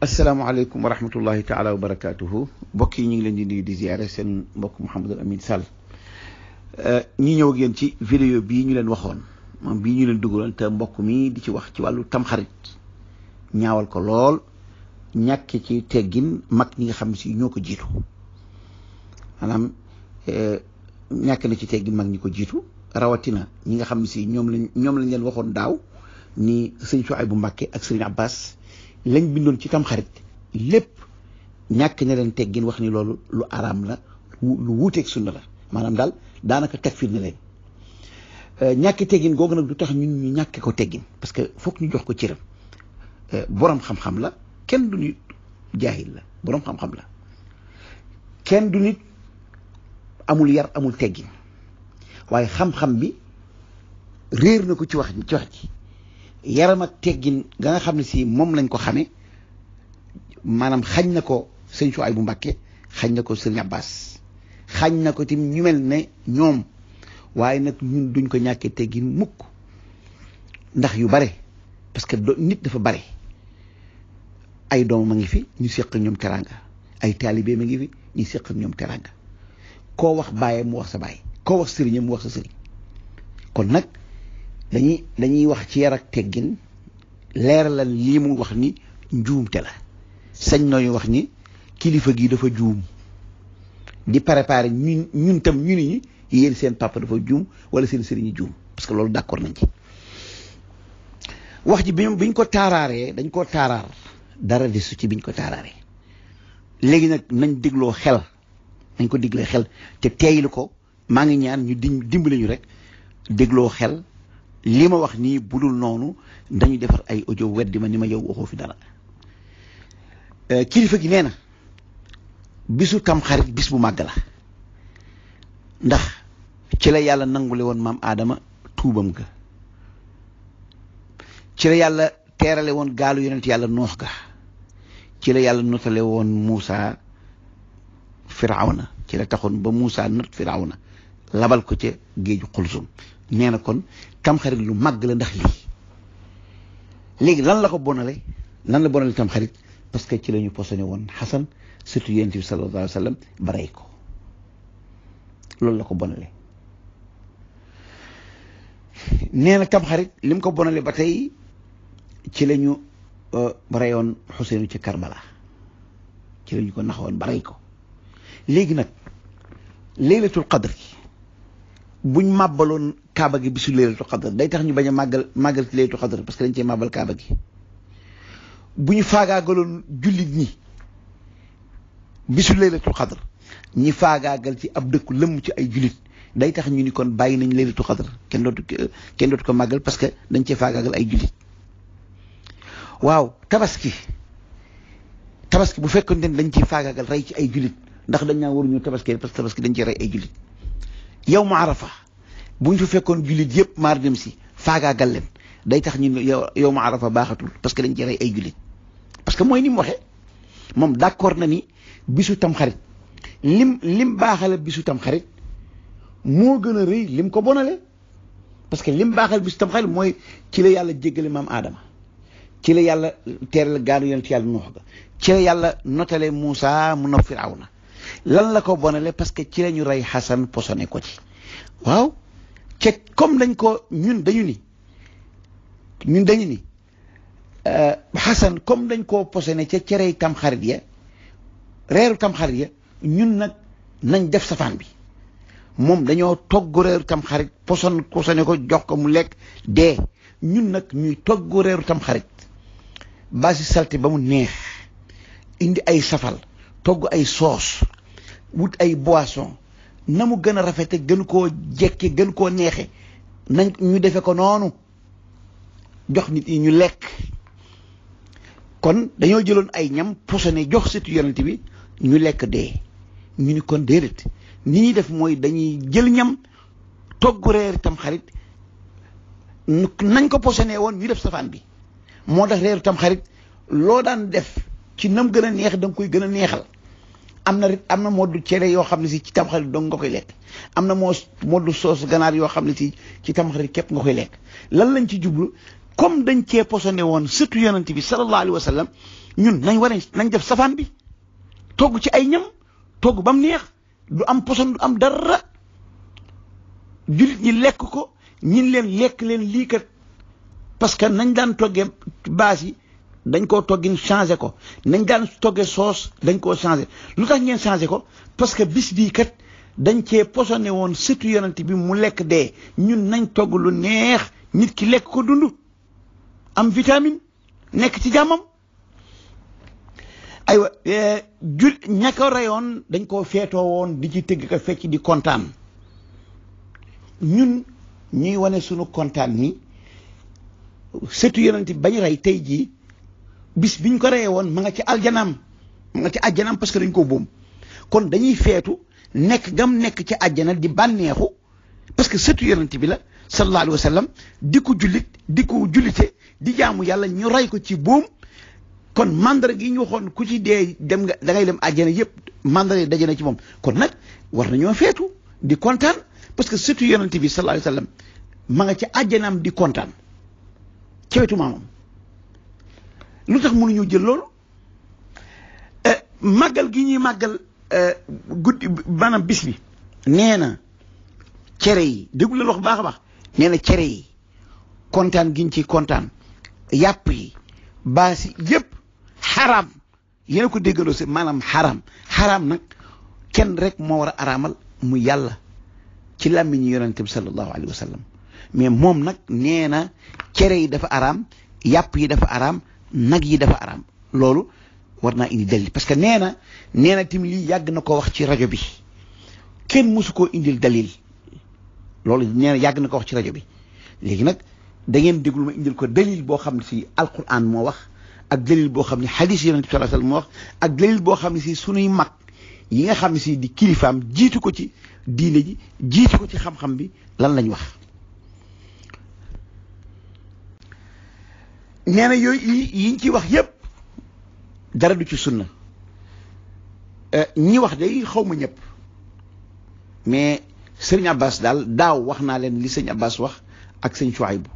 asalaamaaleykum wa rahmatullahi taala wa barakaatuhu mbokk yi ñu ngi leen di nuyu di ziare seen mbokk Mouhamadou Amine Sall euh, ñi ñëw ak ci vidéo bii ñu leen waxoon moom bii ñu leen dugaloon te mbokk mii di ci wax ci wàllu tamxarit ñaawal ko lool ñàkk ci teggin mag ñi nga xam si ñoo ko jiitu maanaam euh, ñàkk na ci teggin mag ñi ko jiitu rawatina ñi nga xam si ñoom lañ ñoom lañ leen waxoon daaw ni sëñ Suwaybu bu Mbàkke ak sëriñ Abbas lañ bindoon ci tamxarit lépp ñàkk na leen teggin wax ni loolu lu araam la lu wuuteeg sunna la maanaam daal daanaka takfir na leen euh, ñàkk teggin googu nag du tax ñun ñu ñàkkee ko teggin parce que foog ñu jox ko cëram euh, boroom xam-xam la kenn du nit jaahil la boroom xam-xam la kenn du nit amul yar amul teggin waaye xam-xam bi réer na ko ci wax ci wax ji yaram ak teggin ga nga xamni si mom lañ ko xamé manam xagn nako ko chou ay bu mbacké xagn nako ko abbas xagn nako tim ñu mel ne ñom waye nak ñun duñ ko ñaké teggin mukk ndax yu bare parce que nit dafa bare ay doom ma ngi fi ñu seq ñom teranga ay talibé ma ngi fi ñu seq ñom teranga ko wax baye mu wax sa baye ko wax serigne mu wax sa serigne kon nak dañuy dañuy wax ci yar ak teggin leeralal lii mu wax ni njuumte la sañ nañu wax ni kilifa gi dafa juum di préparer ñun ñun tam ñu ni ñi yéen seen papa dafa juum wala seen sëriñu juum parce que loolu d'accord nañ ci wax ji bi biñ ko taaraaree dañ ko taaraar dara desu ci biñ ko taaraaree léegi nag nañ dégloo xel nañ ko diglee xel te teeylu ko maa ngi ñaan ñu dimbali ñu rek dégloo xel li ma wax nii budul noonu dañu defar ay audio weddi ma ni ma yow waxoo fi dara euh, kilifa gi nee na bisu tam xarit bis bu màgg la ndax ci la yàlla nangule woon maam aadama tuubam ka ci la yàlla teerale woon gaalu yonent yàlla noox ka ci la yàlla notale woon Muusa Firawna ci la taxoon ba Muusa not Firawna labal ko ca géeju xulsum nee na kon tamxarit lu màgg la ndax lii léegi lan la ko bonale lan la bonale tamxarit parce que ci la ñu posone woon xasan surtout yonent bi sallallahu alayhi wa sallam barey ko loolu la ko bonale nee na tamxarit lim ko bonale ba tey ci la ñu euh, bareyoon xuseenu ci Karbala ci la ñu ko naxoon barey ko léegi nag laylatul qadr buñ màbbaloon kaaba gi bisu leelatu xadar day tax ñu bañ a màggal màggal ci leelatu xadar parce que dañ cee màbbal kaaba gi bu ñu faagaagaloon jullit ñi bisu leelatu xadar ñi faagaagal ci ab dëkku lëmm ci ay jullit day tax ñu ni kon bàyyi nañ leelatu xadar kenn dootu kenn dootu ko màggal parce que dañ cee faagaagal ay jullit waaw tabaski tabaski bu fekkoon ne dañ ci faagaagal rey ci ay jullit ndax dañ naa waruñu tabaski parce que tabaski dañ cee rey ay jullit yow ma arafa bu ñu fa fekkoon jullit yëpp maar dem si faagaagal leen day tax ñun yow yow ma arafa baaxatul parce que dañ ci rey ay jullit parce que mooy ni mu waxee moom d'accord na ni bisu tamxarit lim lim baaxale bisu tamxarit moo gën a rëy lim ko bonale parce que lim baaxal bisu tamxarit mooy ci la yàlla jéggale maam Aadama ci la yàlla teeral gaanu yonent yàlla Nuux ga ci la yàlla notale Moussa mu na Firawna lan la ko bonale parce que ci la ñu rey Xasan posone ko ci waaw ce comme lañ ko ñun dañu ni ñun dañu ni xasan euh, comme lañ koo posone ca cerey tamxarit ya reeru tamxarit ya ñun nag nañ def safaan bi moom dañoo togg reeru tamxarit poson posone ko jox ko mu lekk dee ñun nag ñuy togg reeru tamxarit basi salté ba mu neex indi ay safal togg ay soos wut ay boisson na mu gën a rafete gën koo jekke gën koo neexe nañ ñu defe ko noonu jox nit yi ñu lekk kon dañoo jëloon ay ñam posone jox situ yonent bi ñu lekk dee ñu ni kon déedéet ni ñuy def mooy dañuy jël ñam togg reer tam xarit nañ ko posone woon ñu def safaan bi moo tax reeru tam xarit loo daan def ci nam gën a neex danga koy gën a neexal am na am na moddu cere yoo xam ne si ci tamxarit dong nga koy lekk am na moo moddu soos ganaar yoo xam ne si ci tamxarit képp nga koy lekk lan lañ ci jublu comme dañ cee posone woon surtout yonent bi sallallahu alayhi wa sallam ñun nañ war nañ def safaan bi toog ci ay ñam togg bam mu neex du am poson du am dara jullit ñi lekk ko ñin leen lekk leen lii kat parce que nañ daan toggee baas yi dañ koo toggin changé ko nañ daan togge soos dañ koo changé lu tax ngeen changé ko parce que bis bii kat dañ cee posone woon surtout yonent bi mu lekk dee ñun nañ togg lu neex nit ki lekk ko dund am vitamine nekk ci jàmmam aywa eh, jul ña dañ koo feetoo woon di ci tëgg ko di kontaan ñun ñuy wane sunu kontaan ni surtout yonent bañ ray tey jii bis bi ñu ko reyee woon ma nga ci aljanaam ma nga ci aljanaam parce que dañ ko boom kon dañuy feetu nekk gam nekk ci àjjana di bànneexu parce que sëtu yonent bi la sallallahu alayhi wa di ko jullit di ko jullite di jaamu yàlla ñu rey ko ci boom kon mandara gi ñu waxoon ku ci dee dem nga da ngay dem àjjana yëpp mandara daje ci moom kon nag war nañoo feetu di kontaan parce que sëtu yonent bi sallallahu alayhi wa sallam ma nga ci àjjanaam di kontaan ci maamam lu tax mënuñu jël loolu eh, màggal gi ñuy màggal eh, guddi maanaam bis bi na cere yi déglu leen wax baax a baax nee na cere yi kontaan giñ ci kontaan yàpp yi baasi yépp xaraam yéena ko déggaloo si maanaam xaraam xaraam nag kenn rek moo war a araamal mu yàlla ci làmmiñu yonente bi sallallahu alayhi wa sallam mais moom nag nee na cere yi dafa araam yàpp yi dafa araam nag yi dafa araam loolu war naa indi dalil parce que nee na nee na tim lii yàgg na ko wax ci rajo bi kenn mosu koo indil dalil loolu nee yàgg na ko wax ci rajo bi léegi nag da ngeen déglu ma indil ko dalil boo xam ne si alquran moo wax ak dalil boo xam ne xadis yonent bi sallallahu wax ak dalil boo xam ne si sunuy mag yi nga xam ne si di kilifaam jiitu ko ci diine ji jiitu ko ci xam-xam bi lan lañ wax nee na yooyu yiñ ci wax yëpp dara du ci sunna euh, ñi wax day xaw ma ñëpp mais sëñ Abbas daal daaw wax naa leen li sëñ Abbas wax ak sëñ Chouaïbou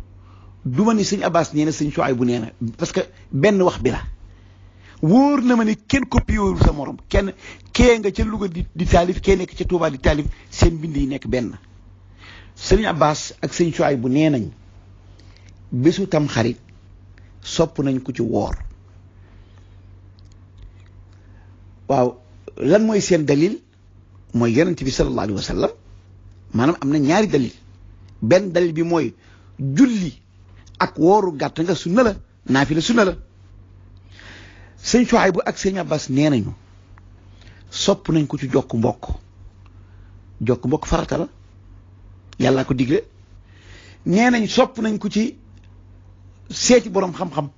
du ma ni sëñ Abbas nee na sëñ Chouaïbou nee na parce que benn wax bi la wóor na ma ni kenn copié wul sa moroom kenn kee nga ca Louga di di taalif kee nekk ca Touba di taalif seen bind yi nekk benn sëñ Abbas ak sëñ Chouaïbou nee nañ bésu tam xarit sopp nañ ko ci woor waaw lan mooy seen dalil mooy yonent bi sallallahu alayhi maanaam am na ñaari dalil benn dalil bi mooy julli ak wooru gàtt nga sunna la naafila sunna la ay Suhaybu ak sëñ Abbas nee nañu sopp nañ ko ci jokk mbokk jokk mbokk farata la yàllaa ko digle nee nañ sopp nañ ko ci seeti borom xam-xam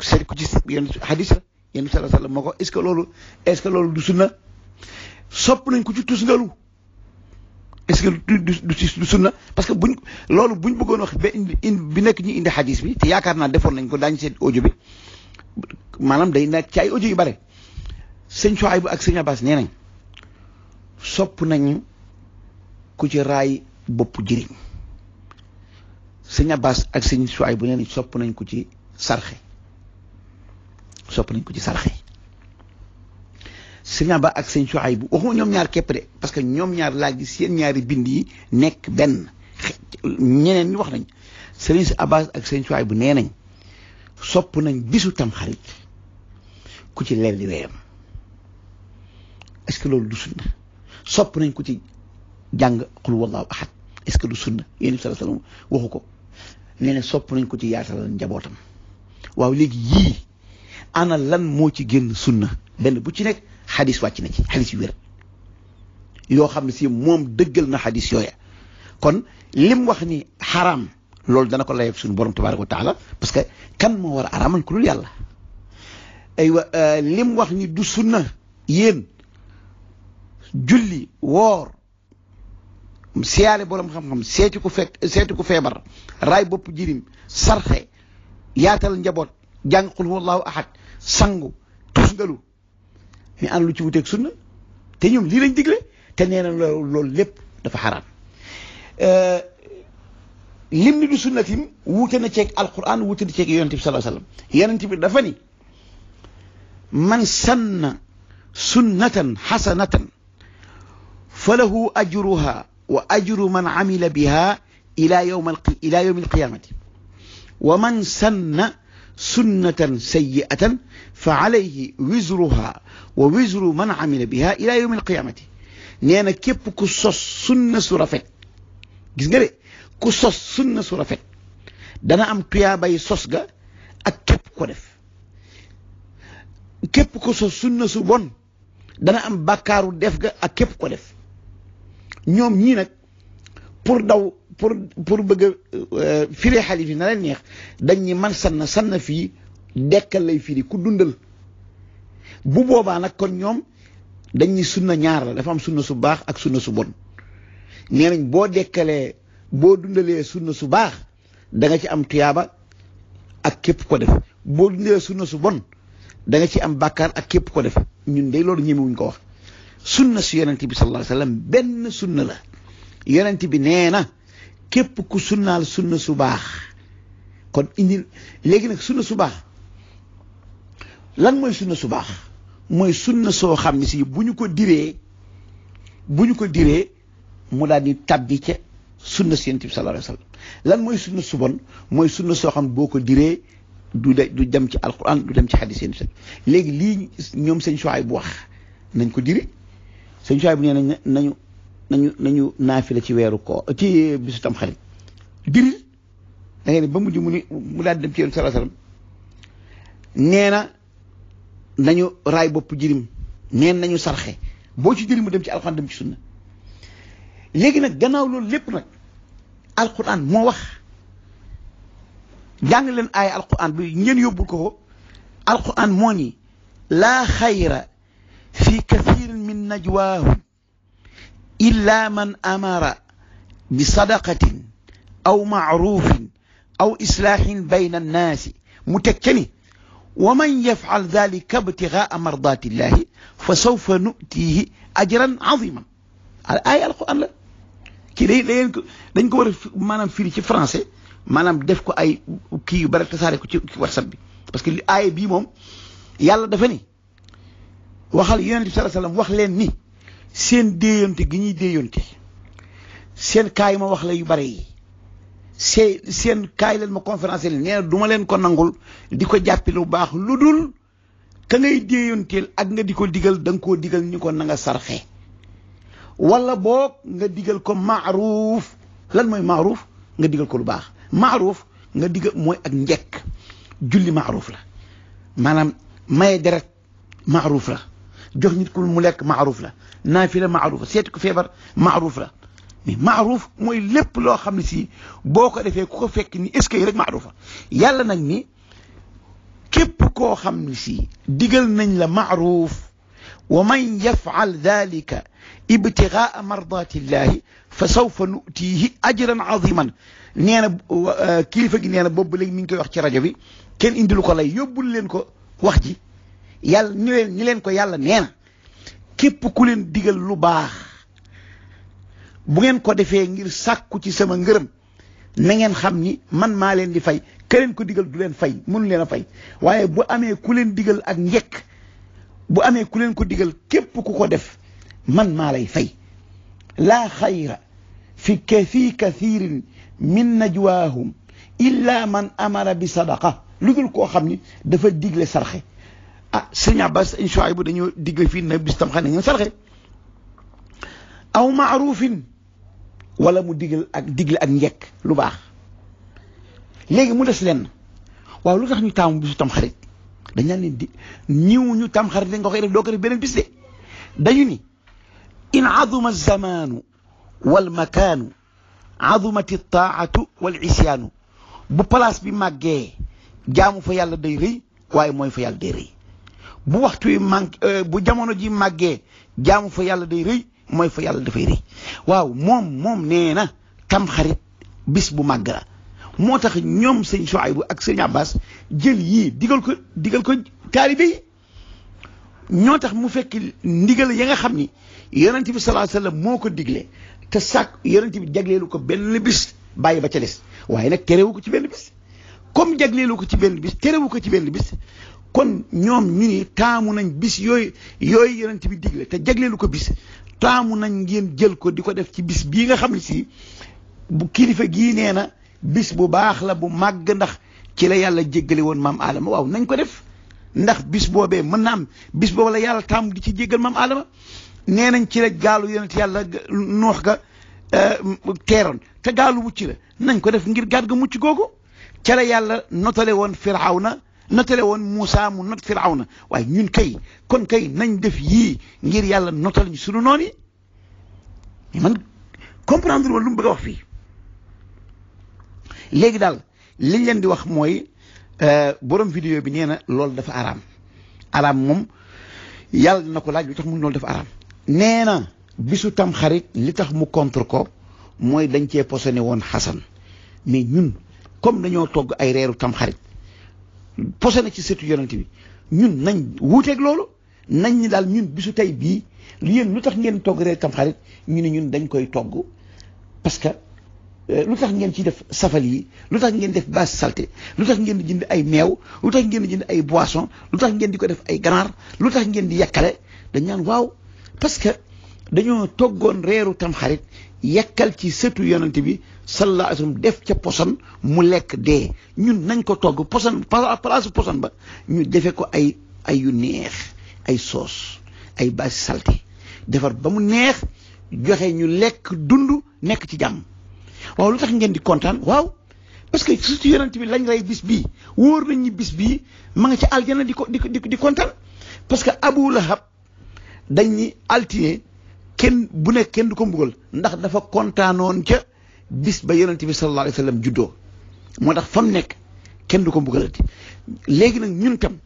seeti ku ci yenn hadis la yenn sala sala moo ko est-ce que loolu est-ce que loolu du na sopp nañ ko ci tusngalu est-ce que du du sunna parce que buñ loolu buñ bëggoon wax ba indi bi nag ñu indi hadis bi te yaakaar naa defoon nañ ko daañu seet ojo bi maanaam day nekk ci ay audio yu bare sëñ Chouaïbou ak sëñ Abbas nee nañ sopp nañ ku ci raay bopp jëriñ sëñ Abbas ak sëñ Suwaay bu neen sopp nañ ko ci sarxe sopp nañ ko ci sarxe sëñ ak sëñ Suwaay bu waxuma ñoom ñaar képp de parce que ñoom ñaar laaj gis ñaari bind yi nekk benn ñeneen wax nañ sëriñ si Abbas ak sëñ Suwaay bu nee nañ sopp nañ bisu tam xarit ku ci lelli weyam est-ce que loolu du sunna sopp nañ ku ci jàng xul wallahu ahad est-ce que du sunna yéen bi sallallahu alayhi wasallam waxu ko nee na sopp nañ ko ci yaatalal njabootam waaw léegi yii ana lan moo ci génn sunna benn bu ci nekk xadis wàcc na ci xadis yu wér yoo xam ne si moom dëggal na xadis yooya kon lim wax ni xaram loolu dana ko layef suñu borom tabaaraka wa taala parce que kan moo war a araamal ku dul yàlla aywa euh, lim wax ni du sunna yéen julli woor siyaare borom xam-xam seeti ku fekk seeti ku feebar raay bopp jirim sarxe yaatal njaboot jàng qul huwallahu ahad sangu tusngalu ñu ànd lu ci wuteeg sunna te ñoom lii lañ digle te nee na loolu loolu lépp dafa xaraam euh, lim ni du sunnatim wuute na ceeg alquran wuute na ceeg yonente bi sallallahu alayhi wasallam yonente bi dafa ni man sanna sunnatan xasanatan fa lahu ajruha وأجر من عمل بها إلى يوم إلى يوم القيامة ومن سن سنة سيئة فعليه وزرها ووزر من عمل بها إلى يوم القيامة نيانا كيب كسوس سنة سرفة كيف كسوس سنة سرفة دانا أم قيا باي سوسغا أكيب كونف كيب كسوس سنة سبون دانا أم بكار ديفغا أكيب كونف ñoom ñii nag pour daw pour pour bëgg a euh, firi xalif yi na leen neex dañ ñi man sann sann fii dekkal lay firi ku dundal bu boobaa nag kon ñoom dañ ñi sunna ñaar la dafa am sunna su baax ak sunna su bon nee nañ boo dekkalee boo dundalee sunna su baax da ci am tuyaaba ak képp ko def boo dundalee sunna su bon da ci am bàkkaar ak képp ko def ñun de loolu ñemewuñ ko wax sunna si yonent bi sallallahu alayhi wa sallam benn sunna la yonent bi nee na képp ku sunnaal sunna su baax kon indi léegi nag sunna su baax lan mooy sunna su baax mooy sunna soo xam ne sii bu ñu ko diree bu ñu ko diree mu daal di tabbi ci sunna si yonent bi sallallahu alayhi lan mooy sunna su bon mooy sunna soo xam ne boo ko diree du de du dem ci alquran du dem ci xadis yonent bi léegi lii ñoom seen choix bu wax nañ ko diri sëñ Suwayb nee nañ nañu nañu nañu naafila ci weeru koo ci bisu tam xarit diril da ngay ne ba mujj mu ni mu daal dem ci yéen salaa salaam nee na nañu raay bopp jirim neen nañu sarxe boo ci jëriñ mu dem ci alxuraan dem ci sunna léegi nag gannaaw loolu lépp nag alxuraan moo wax jàng leen ay alxuraan bi ngeen yóbbul ko ko alxuraan moo ni laa xayra fii نجواهم إلا من أمر بصدقة أو معروف أو إصلاح بين الناس متكني ومن يفعل ذلك ابتغاء مرضات الله فسوف نؤتيه أجرا عظيما الآية القرآن كي لا ينكو ما نم في في فرنسا ما نم دفكو أي كي برتسارك كي ورسبي بس كل آية بيمهم يلا دفني waxal yonent bi sallallahu alayhi wasallam wax leen ni seen déeyante gi ñuy déeyante seen kaay ma wax la yu bari yi seen seen kaay leen ma conférence leen neena duma leen ko nangul di ko jàppi lu baax lu dul ka ngay déeyanteel ak nga di ko digal da nga digal ñu ko na nga wala boog nga digal ko maaruuf lan mooy maaruuf nga digal ko lu baax maaruuf nga digal mooy ak njekk julli maaruuf la maanaam maye deret maaruuf la جوه نيت كل ملاك معروف له نافله معروفه سيتك فيبر معروف له مي معروف موي لب لو خامني سي بوكو ديفي كوكو فيكني اسكي رك معروفه يالا نك ني كيب كو خامني سي ديغل نن لا معروف ومن يفعل ذلك ابتغاء مرضات الله فسوف نؤتيه اجرا عظيما نينا آه، كيفا نينا بوب لي مين كي واخ سي راديو بي كين اندي لوكو لا يوبول لين كو واخ جي yàlla ñëwee ñi leen ko yàlla nee na képp ku leen digal lu baax bu ngeen ko defee ngir sàkku ci sama ngërëm na ngeen xam ni man maa leen di fay ka ko digal du leen fay mënu leen a fay waaye bu amee ku leen digal ak njekk bu amee ku leen ko digal képp ku ko def man maa lay fay laa xayra fi kafi kathirin min najwaahum illa man amara bi sadaqa lu dul koo xam ni dafa digle sarxe ah sëñ Abbas in shuaib bu dañoo digg fii na bis tam xam ne ngeen sarxe aw maarufin wala mu digal ak digle ak njekk lu baax léegi mu des lenn waaw lu tax ñu taamu bisu tam xarit dañ naan leen di ñiw ñu tam xarit nga koy def doo ko def beneen bis de dañu ni in azuma alzamaanu wal makaanu azumati taatu wal isyaanu bu place bi màggee jaamu fa yàlla day rëy waaye mooy fa yàlla day rëy bu waxtu wi manque euh, bu jamono ji màggee jaamu fa yàlla day rëy mooy fa yàlla dafay rëy waaw moom moom nee na tamxarit bis bu màgg moo tax ñoom sëñ Suaybu ak sëñ Abbas jël yii digal ko digal ko taalibe ñoo tax mu fekk ndigal ya nga xam ni yonent bi sallallahu alayhi wasallam moo ko digle te sàkk yonent bi jagleelu ko benn bis bàyyi ba ca des waaye nag terewu ko ci benn bis comme jagleelu ko ci benn bis terewu ko ci benn bis kon ñoom ñu taamu nañ bis yooyu yooyu yonent bi digle te jagleelu ko bis taamu nañ ngeen jël ko di ko def ci bis bii nga xam ne si bu kilifa gii nee na bis bu baax la bu màgg ndax ci la yàlla jéggale woon maam Adama waaw nañ ko def ndax bis boobee mën na am bis boobu la yàlla taamu di ci jéggal mam Adama nee nañ ci la gaalu yonent yàlla noox ga euh, teeroon te gaalu mucc la nañ ko def ngir gaat ga mucc googu ca la yàlla notale woon na notale woon Moussa mu not na waaye ñun kay kon kay nañ def yii ngir yàlla notal ñu sunu noon yi mais man comprendre woon lu mu bëgg wax fii léegi daal liñ leen di wax mooy euh, borom vidéo bi nee na loolu dafa araam araam moom yàlla na ko laaj lu tax mu loolu dafa araam nee na bisu tam xarit li tax mu contre ko mooy dañ cee posone woon xasan mais ñun comme dañoo togg ay reeru tam xarit posé na ci sëtu yonent bi ñun nañ wuuteeg loolu nañ ni daal ñun bisu tey bii lu yéen lu tax ngeen togg reer tamxarit ñu ne ñun dañ koy togg parce que euh, lu tax ngeen ci def safal yi lu tax ngeen def base salté lu tax ngeen di jënd ay meew lu tax ngeen di jënd ay boisson lu tax ngeen di ko def ay ganaar lu tax ngeen di yàkkale dañ naan waaw parce que dañoo toggoon reeru tamxarit yàkkal ci sëtu yonent bi sallallahu alayhi def ca posan mu lekk de ñun nañ ko togg posan poson place poson ba ñu defee ko ay ay yu neex ay soos ay basi salté defar ba mu neex joxe ñu lekk dund nekk ci jàmm waaw lu tax ngeen di kontaan waaw parce que surtout yonent bi lañ lay bis bi wóor nañ ñi bis bii ma nga ci aljana di ko di di di kontaan parce que Abu Lahab dañ ñi altine kenn bu nekk kenn du ko mbugal ndax dafa kontaanoon ca bis ba yonent bi sallallahu alayhi wa sallam juddoo moo tax fa mu nekk kenn du ko la ti léegi nag ñun tam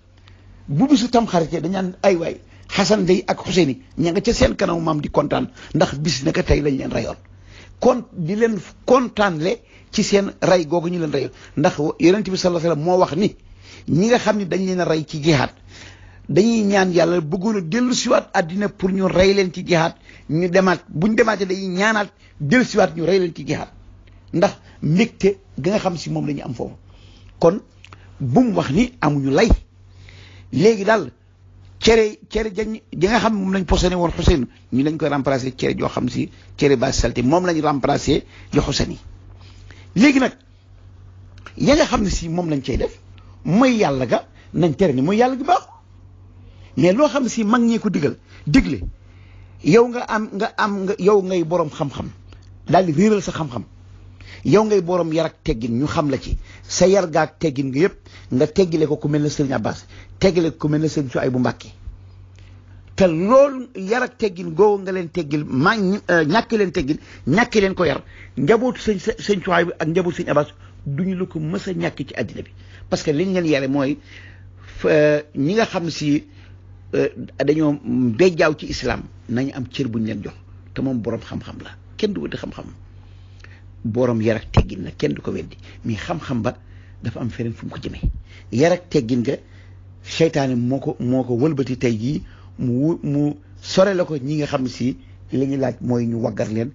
bu bisu tam xaritee dañaan ay waay xasan day ak xuseyni ña nga ca seen kanamu maam di kontaan ndax bis naka tey lañ leen rayoon kon di leen kontaanle ci seen ray googu ñu leen rayoon ndax yonent bi sallallahu alayhi moo wax ni ñi nga xam ne dañ leen a rey ci jihaad dañuy ñaan yàlla bëggoon a dellu siwaat àddina pour ñu rey leen ci jihaad ñu demaat buñ demaatee dañuy ñaanaat dellu siwaat ñu rey leen ci jihaad ndax mbégte ga nga xam si moom lañu am foofu kon bu mu wax ni amuñu lay léegi daal cere cere jañ ji nga xam moom lañ posone woon Xuseyn ñu lañ koy remplacer cere joo xam si cere ba salté moom lañ remplacer jo Xuseyn yi léegi nag ya nga xam ne si moom lañ cay def mooy yàlla ga nañ tere ni mooy yàlla gi baax mais loo xam si mag ñee ko digal digle yow nga am nga am nga yow ngay boroom xam-xam daal di réeral sa xam-xam yow ngay borom yar ak teggin ñu xam la ci sa yar ga teggin gi yëpp nga teggile ko ku mel ne Serigne Abbas teggile ko ku mel ne Serigne Souhaïbou Mbacké te loolu yar ak teggin nga leen teggil maa euh, ñàkk leen teggin ñàkk leen ko yar njabootu sëñ sëñ Souhaïbou ak njabootu sëñ Abbas duñu la ko mës a ñàkk ci àddina bi parce que liñ leen yare mooy euh, ñi nga xam si euh, dañoo bejjaaw ci islam nañu am bu ñu leen jox te moom borom xam-xam la kenn du wuti xam-xam borom yarak teggin la kenn du ko weddi mi xam-xam ba dafa am feneen fu mu ko jëmee yar teggin ga seytaane moo ko moo ko walbati tey jii mu mu sore la ko ñi nga xam si li ñu laaj mooy ñu waggat leen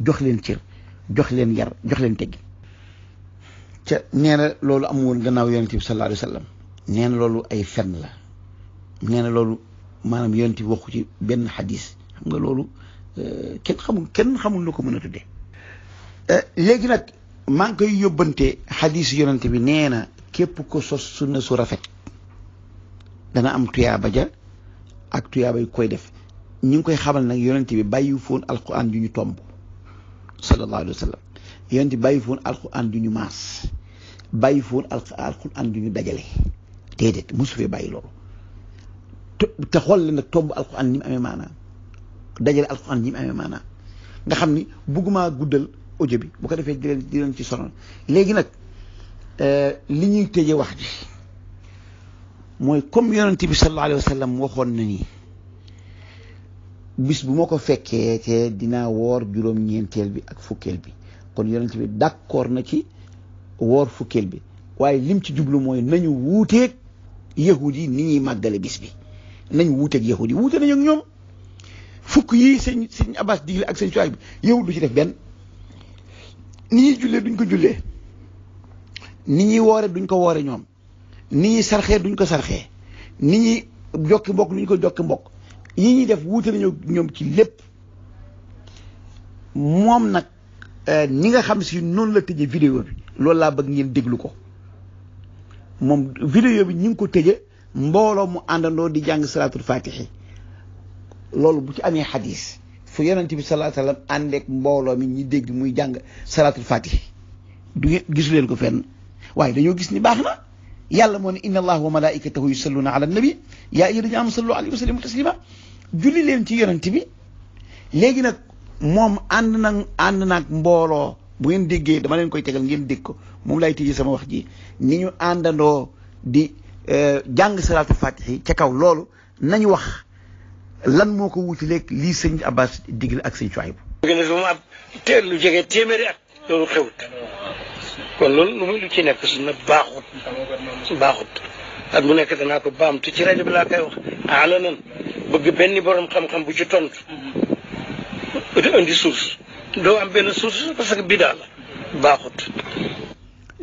jox leen cër jox leen yar jox leen teggin ca nee loolu am woon gannaaw yonent bi sallallahu alayhi wa loolu ay fen la nee na loolu maanaam yonent bi waxu ci benn xadis xam nga loolu euh, kenn xamul kenn xamul lu ko mën a tuddee Eh, léegi nag maa koy yóbbante xadiis yonent bi nee na képp ko sos sunna su rafet dana am tuyaaba ja ak tuyaaba yu koy def ñu ngi koy xamal nag yonent bi bàyyi foon alquran ju ñu tomb sallallahu alayhi wa sallam yonent bi bàyyi foon alquran ju ñu maas bàyyi foon alquran ju ñu dajale déedéet mosu fee bàyyi loolu te xool leen nag tomb alquran ñi mu amee maanaa dajale alquran ñi mu amee maanaa nga xam ni bëgguma guddal audio bi bu ko defee di leen di leen ci sonal léegi nag euh, li ñuy tëjee wax ji mooy comme yonent bi sallallahu alayhi waxoon na ni bis bu ma ko fekkee te woor juróom-ñeenteel bi ak fukkeel bi kon yonent bi d'accord na ci woor fukkeel bi waaye lim ci jublu mooy nañu wuuteeg yahud yi ni ñuy màggale bis bi nañ wuuteeg yahud yi wuute nañu ak ñoom fukk yi sëñ sëñ Abbas digle ak sëñ Suwaay bi yow du ci def benn ni ñuy jullee duñ ko jullee ni ñuy woore duñ ko woore ñoom ni ñuy sarxee duñ ko sarxee ni ñuy jokki mbokk duñ ko jokki mbokk yi ñuy def wuute ñoom ci lépp moom nag euh, ni nga xam si noonu la tëje vidéo bi loolu laa bëgg ngeen déglu ko moom vidéo bi ñu ngi ko tëje mbooloo mu àndandoo di jàng salaatul faatihi loolu bu ci amee xadis fu yonent bi sallallahu alayhi wa sallam mbooloo mi ñi dégg muy jàng salaatul fatih du gisu leen ko fenn waaye dañoo gis ni baax na yàlla moon ne inna allah wa malaikatahu yusalluna ala nabi yaa ayyuhallazina amanu sallu alayhi wa sallimu taslima julli leen ci yonent bi léegi nag moom ànd na ànd naag mbooloo bu ngeen déggee dama leen koy tegal ngeen dégg ko moom lay tijji sama wax ji ni ñu àndandoo di euh, jàng salaatul fatih ca kaw loolu nañu wax lan moo ko wutaleeg lii sëñ Abbas digle ak sëñ Chouaïb. jóge na lu jege loolu xewut lu ci nekk suñu baaxut baaxut at mu nekk danaa ko baamtu ci laa koy wax ala nan benn borom xam bu ci tontu di indi am benn source parce que bidaa la baaxut.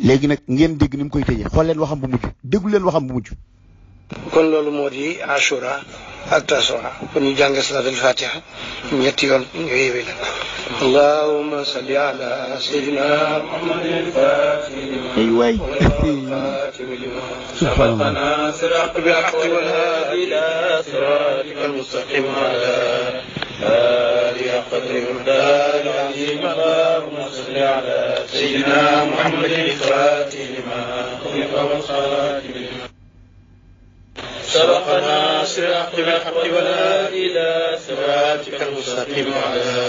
léegi nag ngeen dégg ni mu koy tëjee xool leen waxam bu mujj déglu leen waxam bu mujj. kon loolu moo di ashura ak tasura kon ñu jàng salaatul fatiha ñetti yoon ñu yëwee la اللهم صل على سيدنا محمد الفاتح اي واي سبقنا صراط بالحق والهادي الى صراطك المستقيم على آله قدر والدار العظيم اللهم صل على سيدنا محمد الفاتح لما خلق وخاتم سبق الناصرة الحق ولا إلى صراطك المستقيم على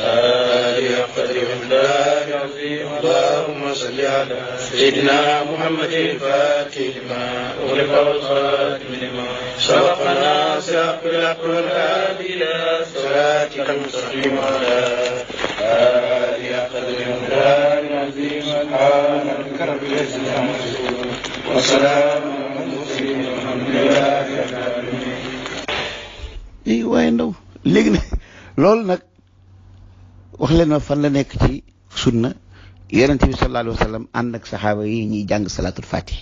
آل قدر الله العظيم اللهم صل على سيدنا محمد الفاتح لما أغلق والخاتم لما سبق الناصرة الحق ولا إلى صراطك المستقيم على آله قدر الله العظيم سبحانك رب العزة عما يصفون وسلام i waaye ndaw léegi nag loolu nag wax leen ma fan la nekk ci sunna yonent bi sallallahu alayhi wa sallam ànd ak saxaaba yi ñuy jàng salaatul fatih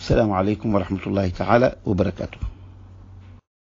asalaamaaleykum wa rahmatullahi taala wa barakatuh